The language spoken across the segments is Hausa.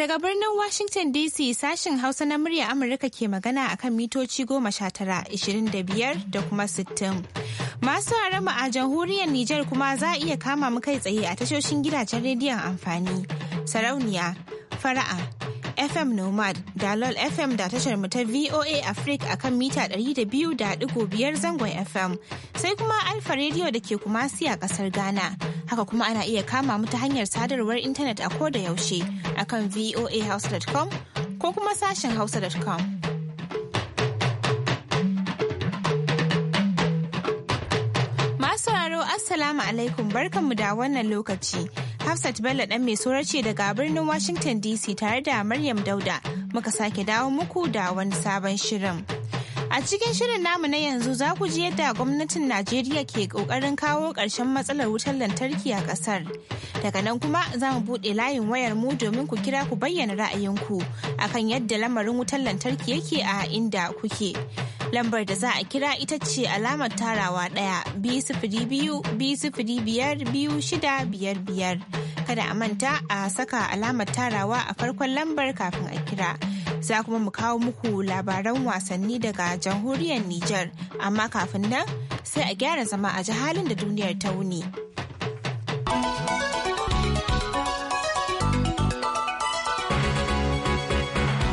Daga birnin Washington DC sashin Hausa na murya Amurka ke magana akan mitoci goma sha tara, ishirin da biyar da kuma sittin. Masu mu a jamhuriyar Nijar kuma za a iya kama mu kai tsaye a tashoshin gidajen rediyon amfani, sarauniya, fara'a, FM Nomad, Dalol FM da tashar mu ta VOA Africa a kan mita 200.5 zangon FM, sai kuma Alfa Radio da ke kumasi a kasar Ghana. Haka kuma ana iya kama mu ta hanyar sadarwar intanet a ko da yaushe a kan voahouse.com ko kuma sashen hausa.com. Masu sauraro Assalamu alaikum barkanmu da wannan lokaci. Hafsat Bello ɗan mai ce daga birnin Washington DC tare da Maryam Dauda muka sake dawo muku da wani sabon shirin. A cikin shirin namu na yanzu za ku ji yadda gwamnatin Najeriya ke ƙoƙarin kawo ƙarshen matsalar wutar lantarki a ƙasar. Daga nan kuma za mu buɗe layin wayar mu domin ku kira ku bayyana ra'ayinku akan yadda lamarin wutar lantarki yake a inda kuke. Lambar da za a kira ita ce alamar tarawa ɗaya biyar biyar Kada a manta a saka alamar tarawa a farkon lambar kafin a kira. Za kuma mu kawo muku labaran wasanni daga jamhuriyar Nijar, amma kafin nan sai a gyara zama a ji halin da duniyar ta wuni.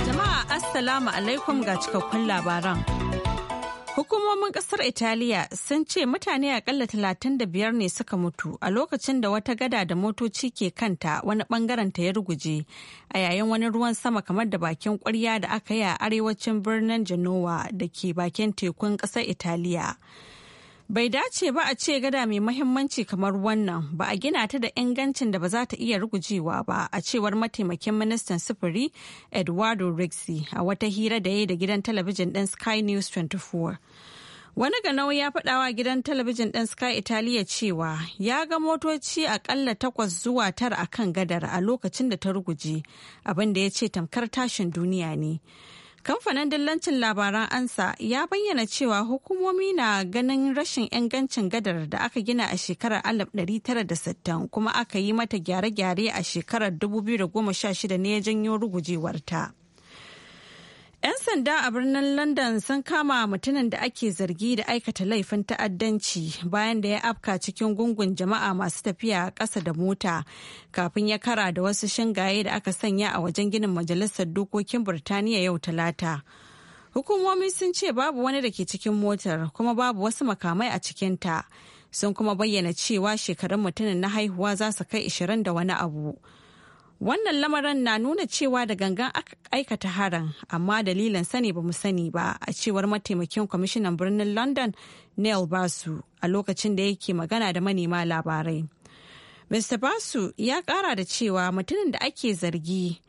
Jama'a Assalamu alaikum ga cikakkun labaran. Hukumomin kasar Italiya sun ce mutane akalla 35 ne suka mutu a lokacin da wata gada da motoci ke kanta wani bangaren ta ya ruguje a yayin wani ruwan sama kamar da bakin kwarya da aka yi a arewacin birnin Genoa da ke bakin tekun kasar Italiya. Bai dace ba a ce gada mai mahimmanci kamar wannan ba a gina ta da ingancin da ba za ta iya rugujewa ba a cewar mataimakin ministan sufuri Eduardo Rixi a wata hira da ya yi da gidan talabijin ɗin Sky News 24. Wani ganau ya faɗawa gidan talabijin ɗin Sky Italia cewa ya ga motoci akalla takwas zuwa tara a kan gadar a lokacin da ta ruguje abinda da ya ce tamkar tashin duniya ne. Kamfanin dillancin labaran Ansa ya bayyana cewa hukumomi na ganin rashin ingancin gadar da aka gina a shekarar 1960 kuma aka yi mata gyare-gyare a shekarar 2016 ne ya janyo rugujewarta. 'Yan sanda a birnin London sun kama mutumin da ake zargi da aikata laifin ta'addanci bayan da ya afka cikin gungun jama'a masu tafiya ƙasa da mota kafin ya kara da wasu shingaye da aka sanya a wajen ginin Majalisar Dokokin Birtaniya yau Talata. Hukumomi sun ce babu wani da ke cikin motar kuma babu wasu makamai a cikinta. Sun kuma bayyana cewa shekarun mutumin na haihuwa za su kai ashirin da wani abu. Wannan lamarin na nuna cewa da gangan aikata haran amma dalilan sani ba sani ba a cewar mataimakin kwamishinan birnin London Neil Basu a lokacin da yake magana da manema labarai. Mr. Basu ya kara da cewa mutumin da ake zargi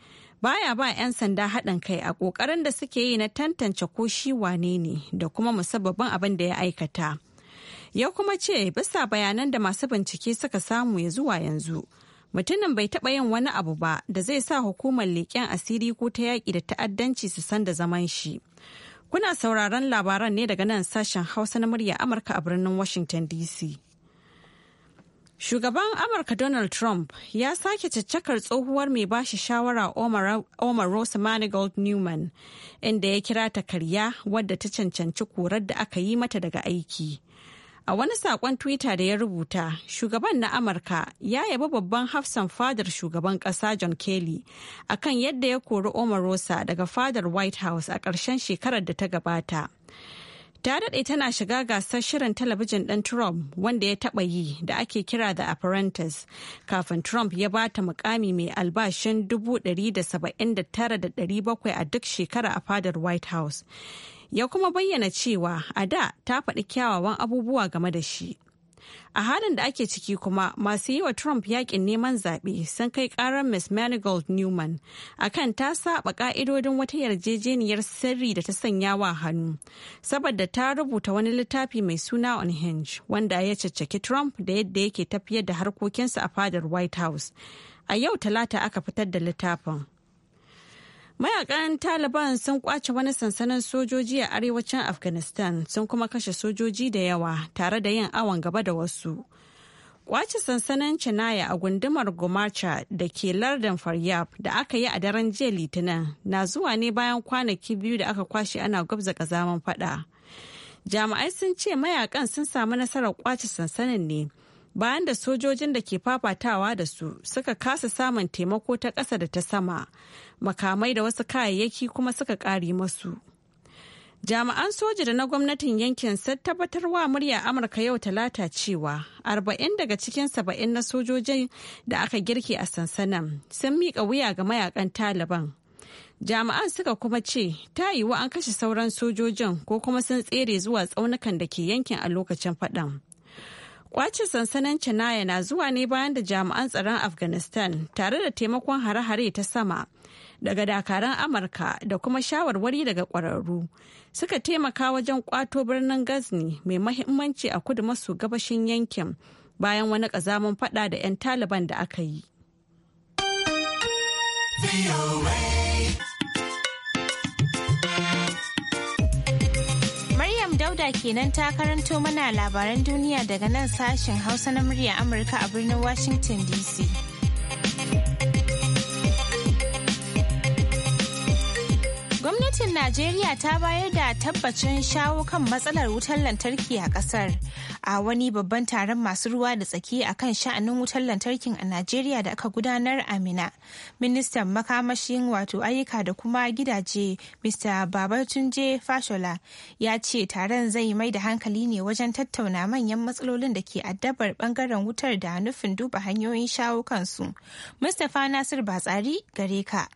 baya ba 'yan sanda haɗin kai a ƙoƙarin da suke yi na tantance ko shi wane ne da kuma musabbabin abin da ya aikata. Ya kuma ce bisa bayanan da masu bincike suka samu ya zuwa yanzu mutumin bai taɓa yin wani abu ba da zai sa hukumar leƙen asiri ko ta yaƙi da ta'addanci su san da zaman shi. Kuna sauraron labaran ne daga nan sashen Hausa na murya Amurka a birnin Washington DC. Shugaban Amurka Donald Trump ya sake caccakar tsohuwar mai bashi shawara Omar Rosa Manigold Newman, inda ya kira ta karya wadda ta cancanci korar da aka yi mata daga aiki. A wani saƙon Twitter da ya rubuta, shugaban na Amurka ya yaba babban hafsan fadar shugaban ƙasa John Kelly akan yadda ya kori Omarosa daga fadar White House a ƙarshen shekarar da ta gabata. Ta daɗe tana shiga gasar shirin talabijin ɗin Trump wanda ya taɓa yi da ake kira da Apprentice kafin Trump ya ba ta mukami mai albashin 179,700 a duk shekara a fadar White House. ya kuma bayyana cewa a da ta faɗi kyawawan abubuwa game da shi. A halin da ake ciki kuma masu yi wa Trump yakin neman zaɓe sun kai ƙarar Ms. Manigold Newman kan ta saba ƙa'idodin wata yarjejeniyar sirri da ta sanya wa hannu, saboda ta rubuta wani littafi mai suna on Hinge wanda ya caccaki Trump da yadda yake tafiyar da harkokinsa a fadar White House. A yau talata aka fitar da littafin. mayakan taliban sun kwace wani sansanin sojoji a arewacin afghanistan sun kuma kashe sojoji da yawa tare da yin awon gaba da wasu kwace sansanin cinaya a gundumar Gomacha da ke lardin Faryab da aka yi a daren jiya Litinin na zuwa ne bayan kwanaki biyu da aka kwashe ana gwabza kazaman fada. Jami'ai sun ce mayakan sun samu nasarar kwace sansanin ne bayan da sojojin da ke fafatawa da su suka kasa samun taimako ta ƙasa da ta sama makamai da wasu kayayyaki kuma suka kare masu. Jami'an soja da na gwamnatin yankin sun tabbatar wa murya Amurka yau talata cewa arba'in daga cikin saba'in na sojojin da aka girke a sansanan sun miƙa wuya ga mayakan Taliban. Jami'an suka kuma ce ta yiwu an kashe sauran sojojin ko kuma sun tsere zuwa tsaunukan da ke yankin a lokacin faɗan. Kwace sansanin Chennai na zuwa ne bayan da jami'an tsaron Afghanistan tare da taimakon hare-hare ta sama daga dakaran amurka da kuma shawarwari daga kwararru suka taimaka wajen kwato birnin gazni mai mahimmanci a kudu maso gabashin yankin bayan wani kazamin fada da 'yan taliban da aka yi Maryam Dauda kenan ta karanto mana labaran duniya daga nan sashen Hausa na murya Amurka a birnin Washington DC. Gwamnatin Najeriya ta bayar da tabbacin shawo kan matsalar wutar lantarki a ƙasar A wani babban taron masu ruwa da tsaki a kan sha'anin wutar lantarkin a Najeriya da aka gudanar Amina, Ministan makamashin wato ayyuka da kuma gidaje Mr. Babatunje Fashola ya ce taron zai mai da hankali ne wajen tattauna manyan matsalolin da ke addabar bangaren wutar da nufin duba hanyoyin shawo kansu. Mustapha Nasir Batsari gare ka.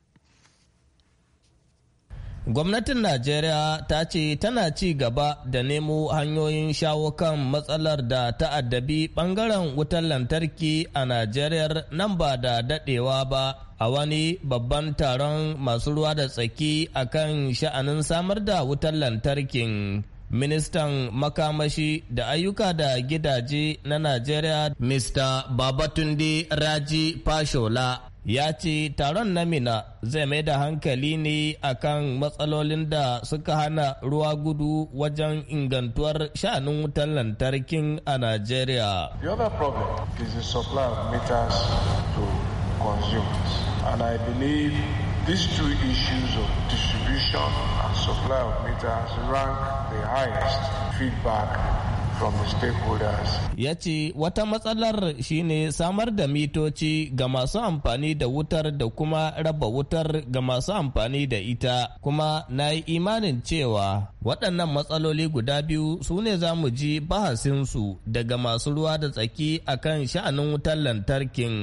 Gwamnatin Najeriya ta ce tana ci gaba da nemo hanyoyin shawo kan matsalar da ta'addabi ɓangaren wutar lantarki a Najeriya nan ba da daɗewa ba a wani babban taron masu ruwa da tsaki a kan sha'anin samar da wutar lantarkin. Ministan makamashi da ayyuka da gidaje na Najeriya, Mr. Babatunde Raji Fashola, ya ce taron na mina zai mai da hankali ne akan matsalolin da suka hana ruwa gudu wajen ingantuwar shanin wutan lantarkin a nigeria the other problem is the supply of meters to consumers and i believe these two issues of distribution and supply of meters rank the highest feedback from stakeholders. Ya ce wata matsalar shine samar da mitoci ga masu amfani da wutar da kuma raba wutar ga masu amfani da ita kuma na yi imanin cewa waɗannan matsaloli guda biyu su ne za mu ji bahasinsu daga masu ruwa da tsaki akan sha'anin wutar lantarkin.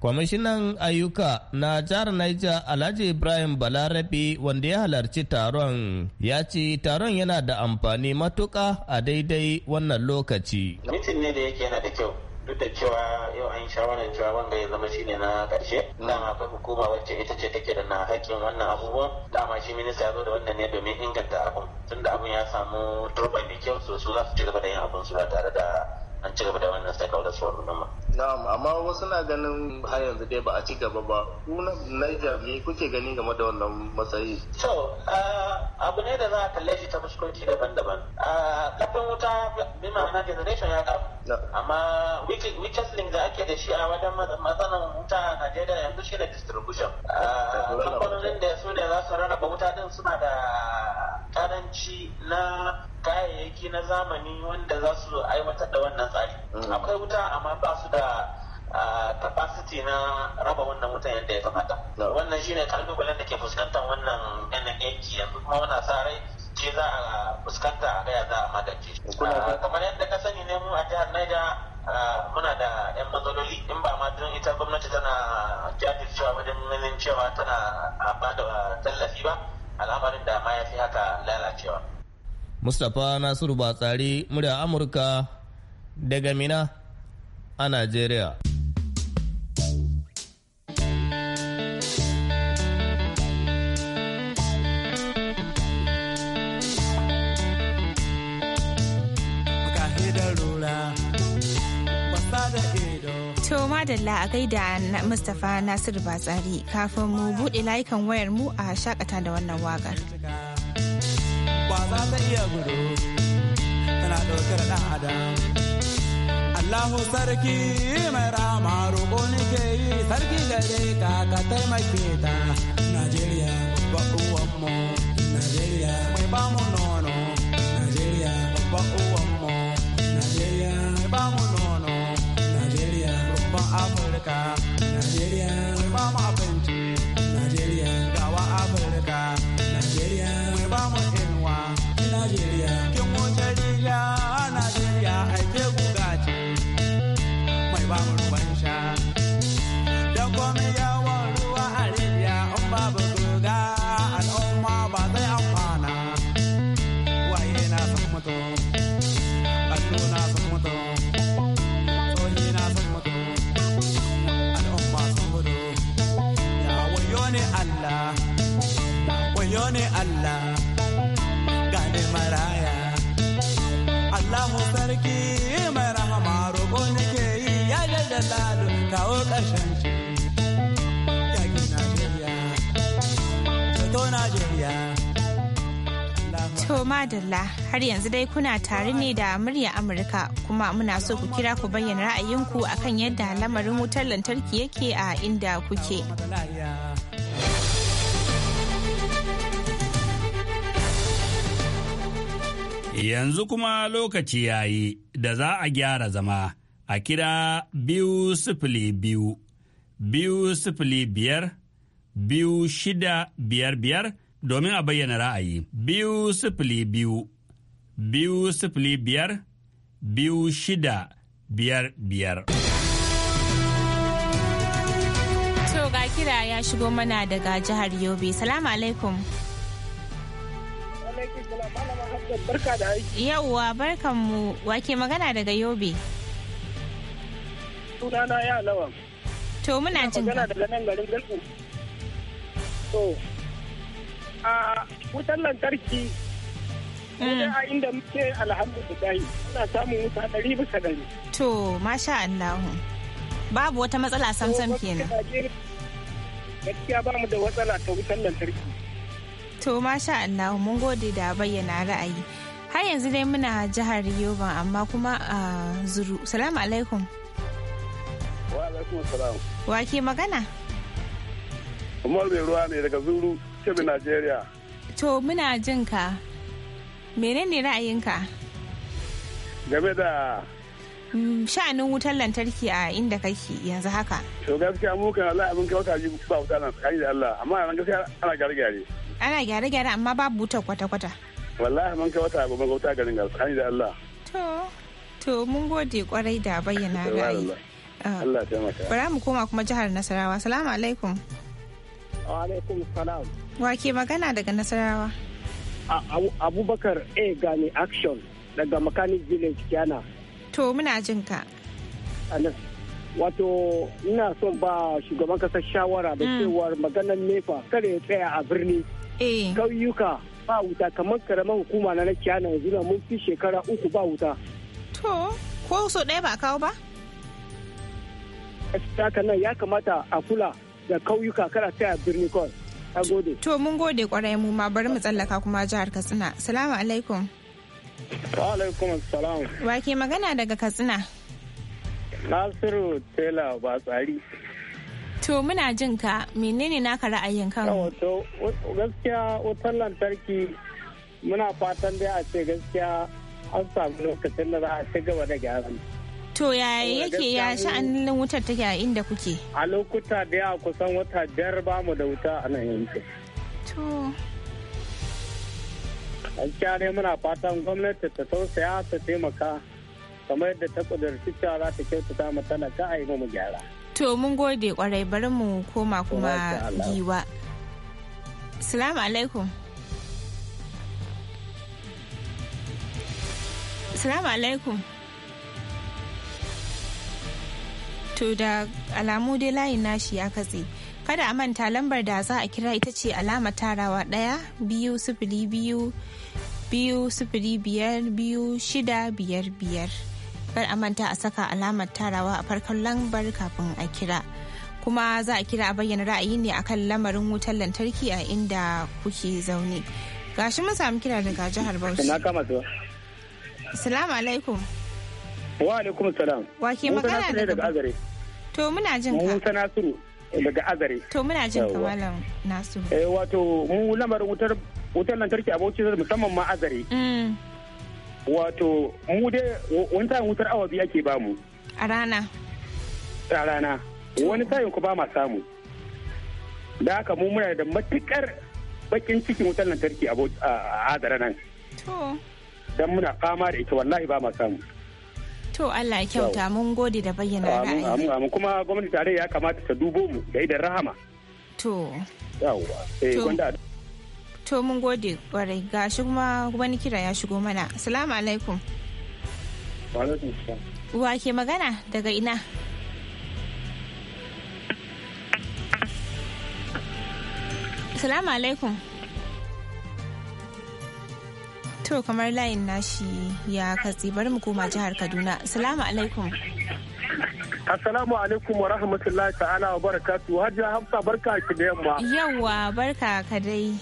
Kwamishinan ayyuka na jihar Niger Alhaji Ibrahim Balarabi wanda ya halarci taron ya ce taron yana da amfani matuka a daidai wannan lokaci. Mitin ne da yake yana da kyau duk da cewa yau an shawarar cewa wanda ya zama shine na karshe dama akwai hukuma wacce ita ce take da na hakkin wannan abubuwan dama shi minista ya zo da wannan ne domin inganta abun tunda abun ya samu turban da kyau so su za su ci gaba da yin abun su ba tare da an ci gaba da wannan da su ɗin Na'am, amma wasu na ganin har yanzu dai ba a ci gaba ba. Ku na Niger ne kuke gani game da wannan matsayi? To, abu ne da za a kalle shi ta fuskoki daban-daban. Kafin wuta bi ma'ana generation ya karu. Amma wikis link da ake da shi a wajen matsalan wuta a Najeriya yanzu shi da distribution. Kamfanonin da su ne za su rarraba wuta din suna da karanci na kayayyaki na zamani wanda za su aiwatar da wannan tsari mm. akwai wuta amma ba su da capacity na raba wannan wutan yadda ya kamata wannan shine kalubalen da ke fuskantar wannan yanayin yanki yanzu kuma muna sa rai ce za a fuskanta a gaya za a magance kamar yadda ka sani ne mu a jihar naija muna da yan matsaloli in ba ma don ita gwamnati tana jajircewa wajen ganin cewa tana ba da al'amarin da ma ya fi haka lalacewa. Mustapha Nasiru Batsari murya Amurka daga Mina a Najeriya. madalla a gaida Mustapha Nasiru Batsari kafin mu buɗe layukan wayar mu a shakata da wannan waƙar. Allahu sarki mai rama roƙo ni ke yi sarki gare ka ka taimake ta Najeriya ba uwan mu Najeriya mai ba mu nono Najeriya ba uwan mu Najeriya mai ba mu nono Amurka, Najeriya, ba To madalla har yanzu dai kuna tare ne da murya Amurka kuma muna so ku kira ku bayyana ra'ayinku akan yadda lamarin wutar lantarki yake a inda kuke. Yanzu kuma lokaci yayi da za a gyara zama a kira biyu sifili biyu, biyu sifili biyar, biyu shida biyar biyar domin a bayyana ra'ayi biyu sifili biyu biyu sifili biyar biyu shida biyar biyar. To ga kira ya shigo mana daga jihar Yobe. Salamu alaikum. Yauwa barkan mu wake magana daga Yobe. Sunana ya lawan. To muna jin. Magana daga nan garin Galku. To a wutar lantarki a inda muke alhamdulillah suna samun wuta ɗari bisa ɗari. To, masha Allah. Babu wata matsala samsam kenan. Gaskiya ba mu da matsala ta wutar lantarki. To, masha Allah, mun gode da bayyana ra'ayi. Har yanzu dai muna jihar Yoruba amma kuma a Zuru. Salamu alaikum. Wa alaikum salam. Wa ke magana? Umar mai ruwa ne daga Zuru. Kebbi Najeriya. To muna jin ka. Menene ra'ayinka? Game da mm, sha'anin wutar lantarki a inda kake yanzu haka. To gaskiya mu kan Allah abin kai wata ji ba wuta nan tsakani da Allah amma yanzu gaskiya ana gyare-gyare. Ana gyare-gyare amma babu wutar kwata-kwata. Wallahi mun kai wata abu ban wuta garin ga tsakani da Allah. To to mun gode kwarai da bayyana ra'ayi. Allah taimaka. Bara mu koma kuma jihar Nasarawa. Salamu alaikum. Wa alaikum salam. Wa ke magana daga Nasarawa? Abubakar A Gani Action daga Mechanic Village Kiana. To muna jin ka. Wato ina son ba shugaban kasar shawara da mm. cewar maganar nefa kar ya tsaya a birni. Eh. Kauyuka ba wuta kamar karamar hukuma na Kiana yanzu na mun fi shekara uku ba wuta. To ko so ɗaya ba kawo ba? Haka nan ya kamata a kula da kauyuka kara taya birni kawai ta gode to mun gode kwarai mu ma bari mu tsallaka kuma jihar katsina salamu alaikum wa alaikum salam wa ke magana daga katsina nasiru tela ba tsari to muna jin ka menene naka ra'ayin kan to gaskiya wutar lantarki muna fatan dai a ce gaskiya an samu lokacin da za a ci gaba da gyaran To ya eh, yake ya sha'anin wutar take a inda kuke? A lokuta da yawa kusan wata biyar ba mu da wuta a nan yanke. To. Gaskiya ne muna fatan gwamnati ta tausaya ta taimaka kamar yadda ta kudurci cewa za ta kyautata mu talaka a yi mu gyara. To mun gode kwarai bari mu koma kuma giwa. Salamu alaikum. Salamu alaikum. to da alamu dai layin nashi ya katse kada a manta lambar da za a kira ita ce alama tarawa ɗaya biyu sifili biyu biyu sifili biyar biyu shida biyar biyar kar a manta a saka alamar tarawa a farkon lambar kafin a kira kuma za a kira a bayyana ra'ayi ne akan lamarin wutar lantarki a inda kuke zaune gashi mun samu kira daga jihar bauchi salamu alaikum Wa alaikum salam. Wa ke magana daga Azare. To muna jin ka. Musa Nasiru daga Azare. To muna jin ka malam Nasiru. Eh wato mu lamar wutar wutar lantarki a Bauchi musamman ma Azare. Mm. Wato mu dai wani tayin wutar awa biyu ake bamu. A rana. A rana. Wani tayin ku ba ma samu. Da haka mu muna da matukar bakin cikin wutar lantarki a Azare nan. To. Dan muna fama da ita wallahi ba ma samu. To Allah ya kyauta mun gode da bayyana ra'ayi. Amin amin kuma gwamnati tare ya kamata ta dubo mu da idan rahama. To. Eh, to mun gode kwarai ga shi kuma wani kira ya shigo mana. Assalamu alaikum. Wa alaikum Wa ke magana daga ina? Assalamu alaikum. To kamar layin nashi ya katsi bari mu koma jihar Kaduna. Assalamu alaikum. Assalamu alaikum wa rahmatullahi ta'ala wa barakatu. Hajiya Hafsa barka ki da yamma. Yawwa barka ka dai.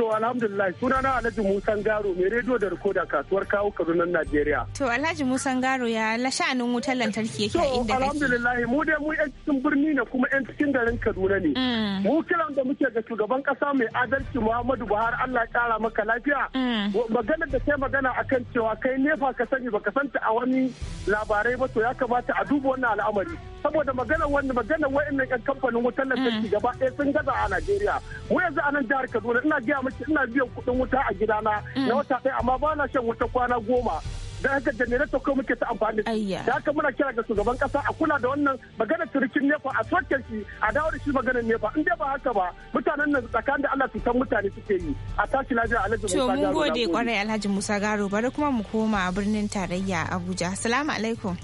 To alhamdulillah sunana Alhaji Musan Garo mai rediyo da rikoda kasuwar kawo Kaduna Najeriya. To Alhaji Musan Garo ya lasha'anin wutar lantarki yake a inda kake. To alhamdulillah mu dai mu yan cikin birni na kuma yan cikin garin Kaduna ne. Mm. Mu kiran da muke ga shugaban kasa mai adalci Muhammadu Buhari Allah kara maka lafiya. Mm. Magana da kai magana akan cewa kai nefa ka sani baka santa a wani labarai ba to ya kamata a duba wannan al'amari. saboda magana wanda magana wa'annan kamfanin wutar lantarki mm. gaba ɗaya sun gaza a Najeriya. Mu yanzu a nan jihar Kaduna ina gaya mace ina biyan kuɗin wuta a gida mm. na wata ɗaya amma ba na shan wuta kwana goma da haka janareto ko muke ta amfani da haka muna kira ga shugaban kasa a kula da wannan magana turkin nefa a soke shi a dawo da shi magana nefa in dai ba haka ba mutanen nan tsakanin da Allah su san mutane suke yi a tashi lafiya Alhaji Musa Garo to mun gode kwarai Alhaji Musa Garo bari kuma mu koma a birnin tarayya Abuja assalamu alaikum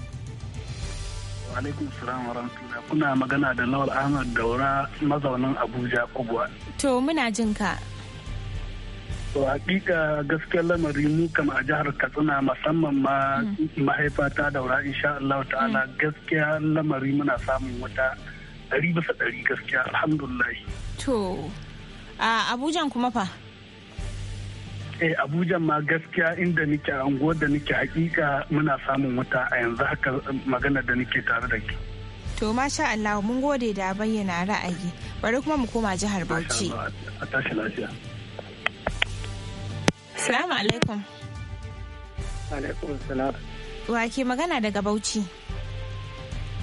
alaikum salam wa kuna magana da Lawal Ahmad Daura mazaunin Abuja Kubwa to muna jin To hakika gaskiyar lamari mu kama a jihar Katsina musamman ma mm. mahaifa ta daura insha Allah ta'ala mm. gaskiya lamari muna samun wata ɗari bisa ɗari gaskiya alhamdulillah. To a Abujan kuma fa? eh abuja ma gaskiya inda nike a da nike hakika muna samun wuta a yanzu haka um, magana da nike tare da ke to masha Allah mun gode da bayyana ra'ayi bari kuma mu koma jihar Bauchi a tashi lafiya Salamu alaikum. Alaikum salam. Wa ke magana daga Bauchi?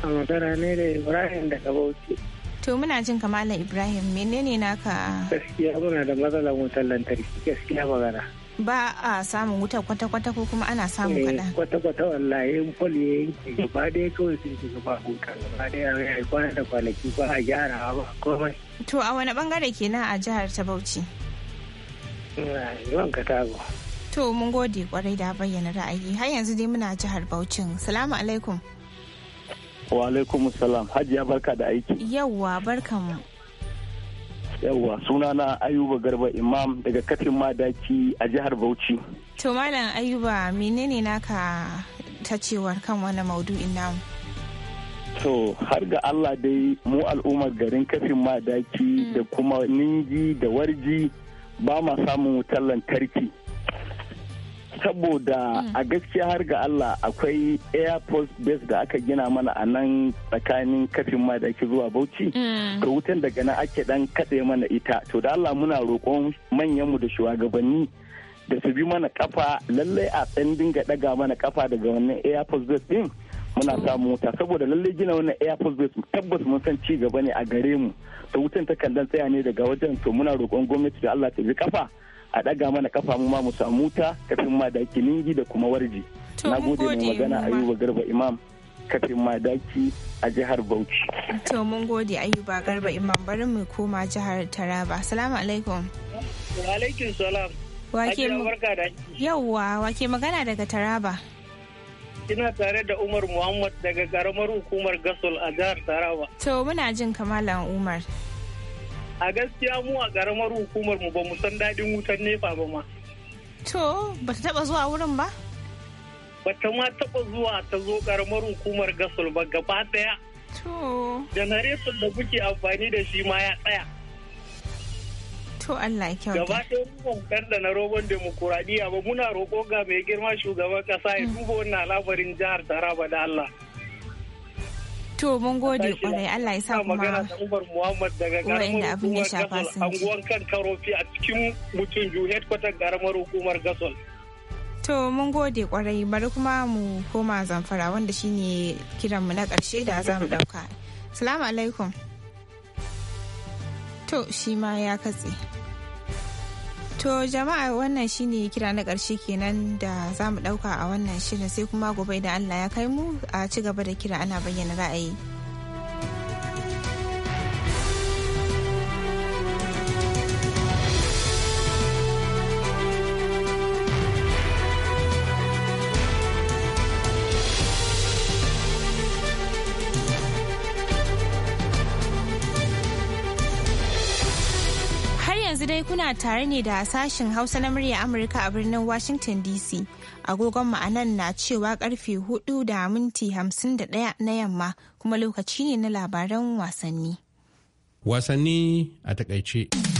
A magana ne da Ibrahim daga Bauchi. To muna jin kamala Ibrahim menene naka? Gaskiya muna da matsalar wutar lantarki gaskiya magana. Ba a samun wutar kwata-kwata ko kuma ana samun eh, kada. Kwata-kwata wallahi in fol ya yanke gaba ɗaya kawai sun shiga ba hutu gaba ɗaya ya yi kwana da kwanaki ba a gyara ba komai. To a wani bangare kenan a jihar ta Bauchi? To mun gode kwarai da bayyana ra'ayi har yanzu dai muna jihar Bauchin. Salamu alaikum. Wa alaikum salam. Hajiya barka da aiki. Yawwa barka mu. Yawwa sunana Ayuba Garba Imam daga Katin Madaki a jihar Bauchi. To Malam Ayuba menene naka ta cewar kan wani maudu'in namu? so har ga Allah dai mu al'ummar garin kafin madaki mm. da kuma ninji da warji ba ma samun wutar lantarki saboda a gaskiya har ga Allah akwai airport base da aka gina mana a nan tsakanin kafin ma da ake zuwa Bauchi ga mm. wutan daga nan ake dan kaɗe mana ita to da Allah muna roƙon manyanmu da shugabanni da su bi mana kafa lallai a tsan dinga daga mana kafa daga wannan airport base din muna samu wuta saboda lalle gina wannan air force base tabbas mun san ci gaba ne a gare mu to wutan ta kandan tsaya ne daga wajen to muna roƙon gwamnati da Allah ta bi kafa a daga mana kafa mu ma mu samu wuta kafin ma daki kiningi da kuma warji na gode mai magana ayuba garba imam kafin ma daki a jihar bauchi to mun gode ayuba garba imam bari mu koma jihar taraba assalamu alaikum wa alaikum salam wake yawwa wake magana daga taraba Ina tare da Umar Muhammad daga karamar hukumar Gasol a jihar Taraba. To muna jin kamalan Umar. A gaskiya mu a karamar hukumar mu ba mu san daɗin wutar nefa ba ma. To ba ta taɓa zuwa wurin ba? Ba ta ma taɓa zuwa ta zo karamar hukumar Gasol ba gaba ɗaya. To. Janareton da kuke amfani da shi ma ya tsaya. To Allah ya kyauta. Gaba ɗaya mu ban da na roƙon demokuraɗiyya ba muna roƙo ga mai girma shugaban ƙasa ya mm. duba wannan al'amarin jihar Taraba da Allah. To mun gode kwarai Allah ya sa kuma magana da Umar Muhammad daga garin abin ya shafa sun anguwan kan karofi a cikin mutum ju headquarter garamar hukumar Gasol. To mun gode kwarai bari kuma mu koma zamfara wanda shine kiranmu na ƙarshe da za mu ɗauka. Salamu alaikum. To shi ma ya katse. To jama'a wannan shine kira na ƙarshe kenan da za mu ɗauka a wannan shirin sai kuma gobe da Allah ya kai mu a ci gaba da kira ana bayyana ra'ayi. kuna tare ne da sashen Hausa na murya Amurka a birnin Washington DC. Agogon ma'anan na cewa karfe 4 da minti 51 na yamma kuma lokaci ne na labaran wasanni. Wasanni a takaice.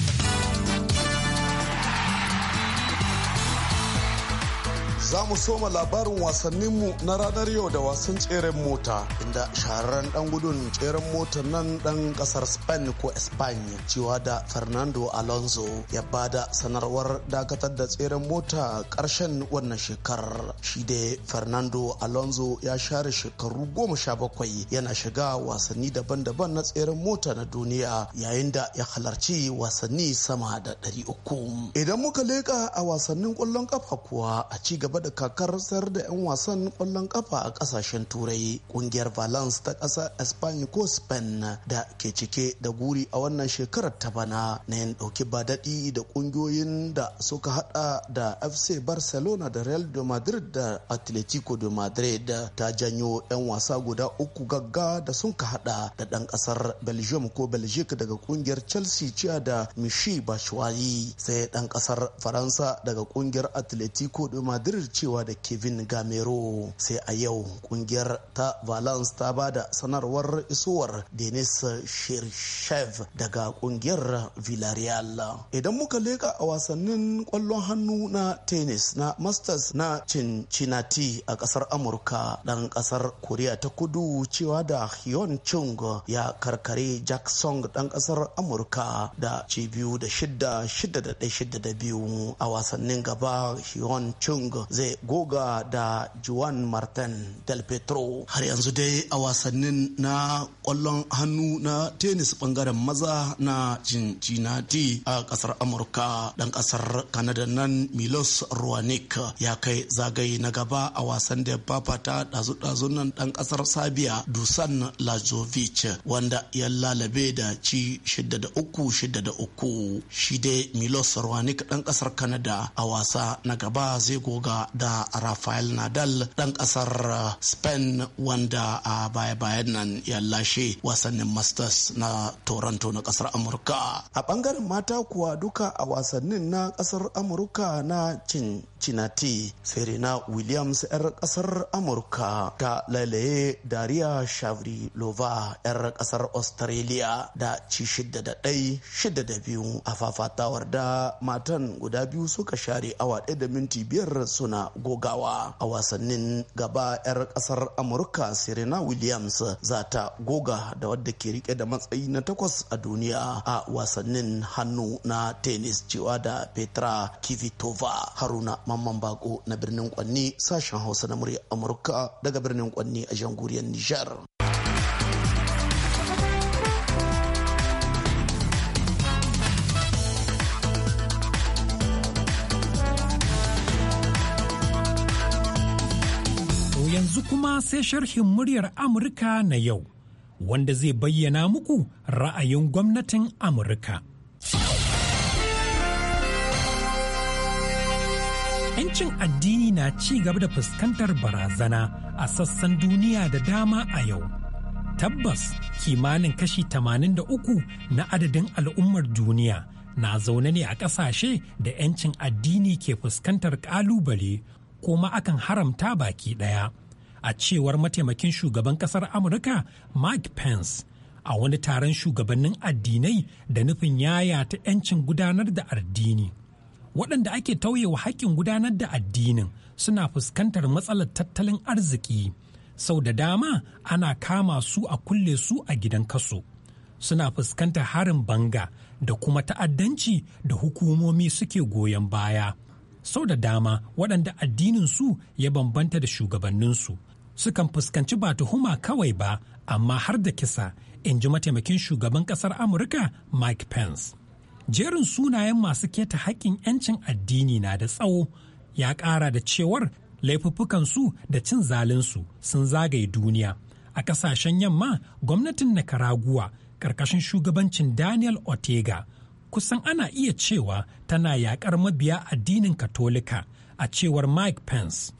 za mu soma labarin wasanninmu na ranar yau da wasan tseren mota inda shahararren dan gudun tseren mota nan dan kasar spain ko espanya cewa da fernando alonso ya bada sanarwar dakatar da tseren mota karshen wannan shekarar shi da fernando alonso ya share shekaru goma sha bakwai yana shiga wasanni daban-daban na tseren mota na duniya yayin da ya halarci wasanni sama da 300 idan muka leka a wasannin kwallon kafa kuwa a ci gaba gaba da kakar sayar da 'yan wasan kwallon kafa a kasashen turai kungiyar valence ta kasa espanya ko spain da ke cike da guri a wannan shekarar ta bana na yin ɗauki ba daɗi da kungiyoyin da suka hada da fc barcelona da real de madrid da atletico de madrid ta janyo 'yan wasa guda uku gagga da sun ka hada da ɗan ƙasar belgium ko belgique daga kungiyar chelsea ciya da mishi bashwari sai ɗan ƙasar faransa daga kungiyar atletico de madrid cewa da kevin gamero sai a yau kungiyar ta valence ta ba da sanarwar isowar denis shirshev daga kungiyar villarreal idan muka leka a wasannin kwallon hannu na tennis na masters na cincinnati a kasar amurka dan kasar Korea ta kudu cewa da hyun chung ya karkare jack song dan kasar amurka da ci da shida shida da shida da biyu a wasannin gaba hyun chung zai goga da juan martin del petro har yanzu dai a wasannin na kwallon hannu na tenis bangaren maza na cincinnati a kasar amurka dan kasar kanada nan milos ruwanik ya kai zagaye na gaba a wasan da ya fafata dazu dazu nan dan kasar sabia dusan lazovic wanda ya lalabe da ci 6 3 shi dai milos ruwanik dan kasar kanada a wasa na gaba zai goga da rafael nadal dan kasar uh, spain wanda uh, a baya-bayan nan ya lashe wasannin masters na toronto na kasar amurka a bangaren mata kuwa duka a wasannin na kasar amurka na cin cincinnati serena williams 'yar kasar amurka ta lalaye daria shavrilova 'yar kasar australia da ci shida da ɗai shida da biyu a fafatawar da matan guda biyu suka share awa ɗaya da minti biyar suna gogawa a wasannin gaba 'yar kasar amurka serena williams za ta goga da wadda ke rike da matsayi na takwas a duniya a wasannin hannu na tennis cewa da petra kivitova haruna Mamman Bako na birnin Kwanni sashen Hausa na murya Amurka daga birnin Kwanni a janguriyar Nijar. Yanzu kuma sai sharhin muryar Amurka na yau, wanda zai bayyana muku ra'ayin gwamnatin Amurka. 'yancin addini na ci gaba da fuskantar barazana a sassan duniya da dama a yau. Tabbas kimanin kashi tamanin da uku na adadin al'ummar duniya na zaune ne a ƙasashe da 'yancin addini ke fuskantar ƙalubale kuma akan haramta baki ɗaya. A cewar mataimakin shugaban ƙasar Amurka Mike Pence a wani taron shugabannin addinai da nufin yaya ta 'yancin gudanar da addini. waɗanda ake tauyewa haƙƙin gudanar da addinin suna fuskantar matsalar tattalin arziki sau da dama ana kama su a kulle su a gidan kaso suna fuskantar harin banga da kuma ta'addanci da hukumomi suke goyon baya sau da dama waɗanda addinin su ya bambanta da shugabanninsu sukan fuskanci ba tuhuma kawai ba amma har da kisa in ji mataimakin shugaban ƙasar amurka mike pence jerin sunayen masu keta haƙƙin 'yancin addini na da tsawo ya ƙara da cewar laifuffukansu da cin zalinsu sun zagaye duniya a ƙasashen yamma gwamnatin nicaragua ƙarƙashin shugabancin daniel ortega kusan ana iya cewa tana yaƙar mabiya addinin katolika a cewar mike pence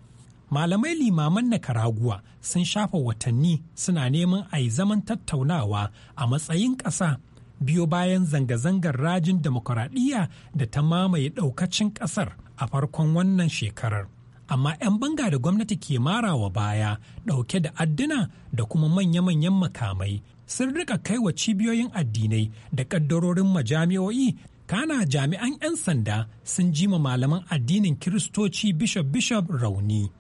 malamai limaman nicaragua sun shafa watanni suna neman a yi zaman tattaunawa a matsayin ƙasa biyo bayan zanga-zangar rajin demokuraɗiyya da ta mamaye ɗaukacin ƙasar a farkon wannan shekarar. Amma 'yan banga da gwamnati ke mara wa baya ɗauke da adduna da kuma manya-manyan makamai sun rika wa cibiyoyin addinai da ƙaddarorin majami'o'i kana jami'an 'yan sanda sun ji ma malaman addinin kiristoci bishop bishop rauni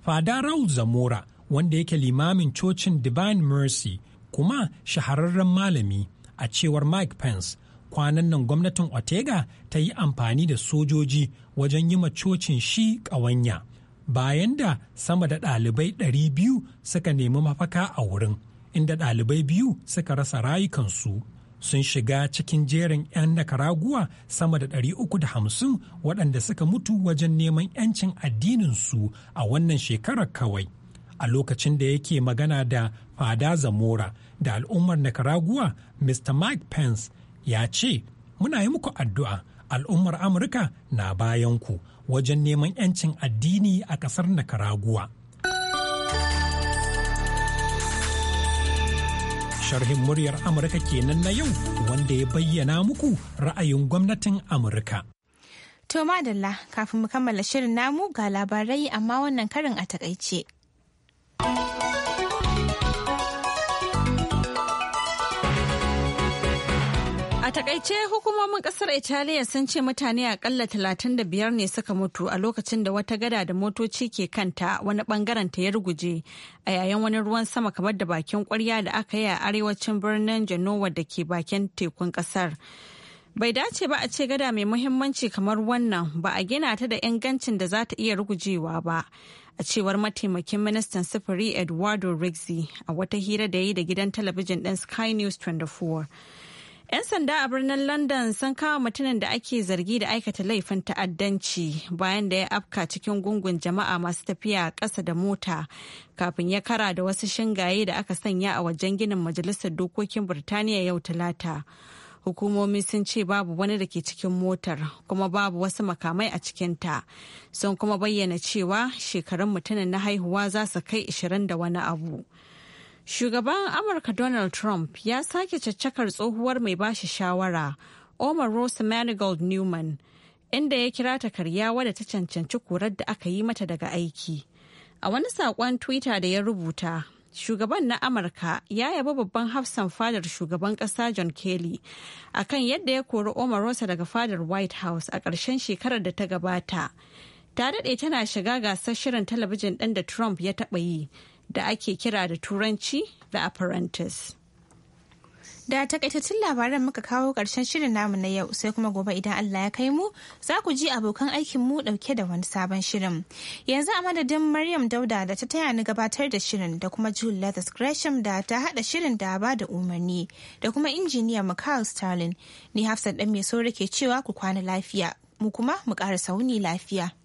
fada raul zamora wanda yake limamin cocin divine mercy kuma shahararren malami a cewar mike pence kwanan nan gwamnatin Otega ta yi amfani da sojoji wajen yi macocin shi ƙawanya bayan da sama da ɗalibai 200 suka nemi mafaka a wurin inda ɗalibai biyu suka rasa rayukansu sun shiga cikin jerin 'yan nakaraguwa sama da 350 waɗanda suka mutu wajen neman 'yancin addininsu a wannan shekarar kawai. A lokacin da yake magana da Fada Zamora da al'ummar Nicaragua Mr. Mike Pence ya ce, Muna yi muku addu'a al'ummar Amurka na bayan ku wajen neman 'yancin addini a ƙasar Nicaragua. Sharhin muryar Amurka kenan na yau wanda ya bayyana muku ra'ayin gwamnatin Amurka. To madalla kafin mu kammala shirin namu ga labarai amma wannan karin a takaice. takaice hukumomin kasar Italiya sun ce mutane akalla 35 ne suka mutu a lokacin da wata gada da motoci ke kanta wani bangaren ta ya ruguje a yayin wani ruwan sama kamar da bakin kwarya da aka yi a arewacin birnin Genoa da ke bakin tekun kasar. Bai dace ba a ce gada mai muhimmanci kamar wannan ba a gina ta da ingancin da za ta iya rugujewa ba. A cewar mataimakin ministan sufuri Eduardo Rigzi a wata hira da ya yi da gidan talabijin ɗin Sky News 24. 'Yan sanda a birnin London sun kawo mutumin da ake zargi da aikata laifin ta'addanci bayan da ya afka cikin gungun jama'a masu tafiya ƙasa da mota kafin ya kara da wasu shingaye da aka sanya a wajen ginin Majalisar Dokokin Birtaniya yau Talata. hukumomi sun ce babu wani da ke cikin motar kuma babu wasu makamai a cikinta sun kuma bayyana cewa shekarun mutumin na haihuwa za su kai ashirin da wani abu Shugaban Amurka Donald Trump ya sake caccakar tsohuwar mai bashi shawara, Omar Rose Manigold Newman, inda ya kira ta karya da ta cancanci korar da aka yi mata daga aiki. A wani saƙon Twitter da ya rubuta, shugaban na Amurka ya yaba babban hafsan fadar shugaban ƙasa John Kelly akan yadda ya kori Omar Omarosa daga fadar White House a ƙarshen shekarar da ta gabata. Ta daɗe tana shiga gasar shirin talabijin ɗin da Trump ya taɓa yi. da ake kira da turanci da Apprentice. Da takaitattun labaran muka kawo ƙarshen shirin namu na yau sai kuma gobe idan Allah ya kai mu za ku ji abokan aikin mu ɗauke da wani sabon shirin. Yanzu a madadin Maryam Dauda da ta taya ni gabatar da shirin da kuma Jule Lathis Gresham da ta haɗa shirin da ba da umarni da kuma injiniya Mikhail Stalin. Ni Hafsat ɗan mai sauri ke cewa ku kwana lafiya mu kuma mu ƙara sauni lafiya.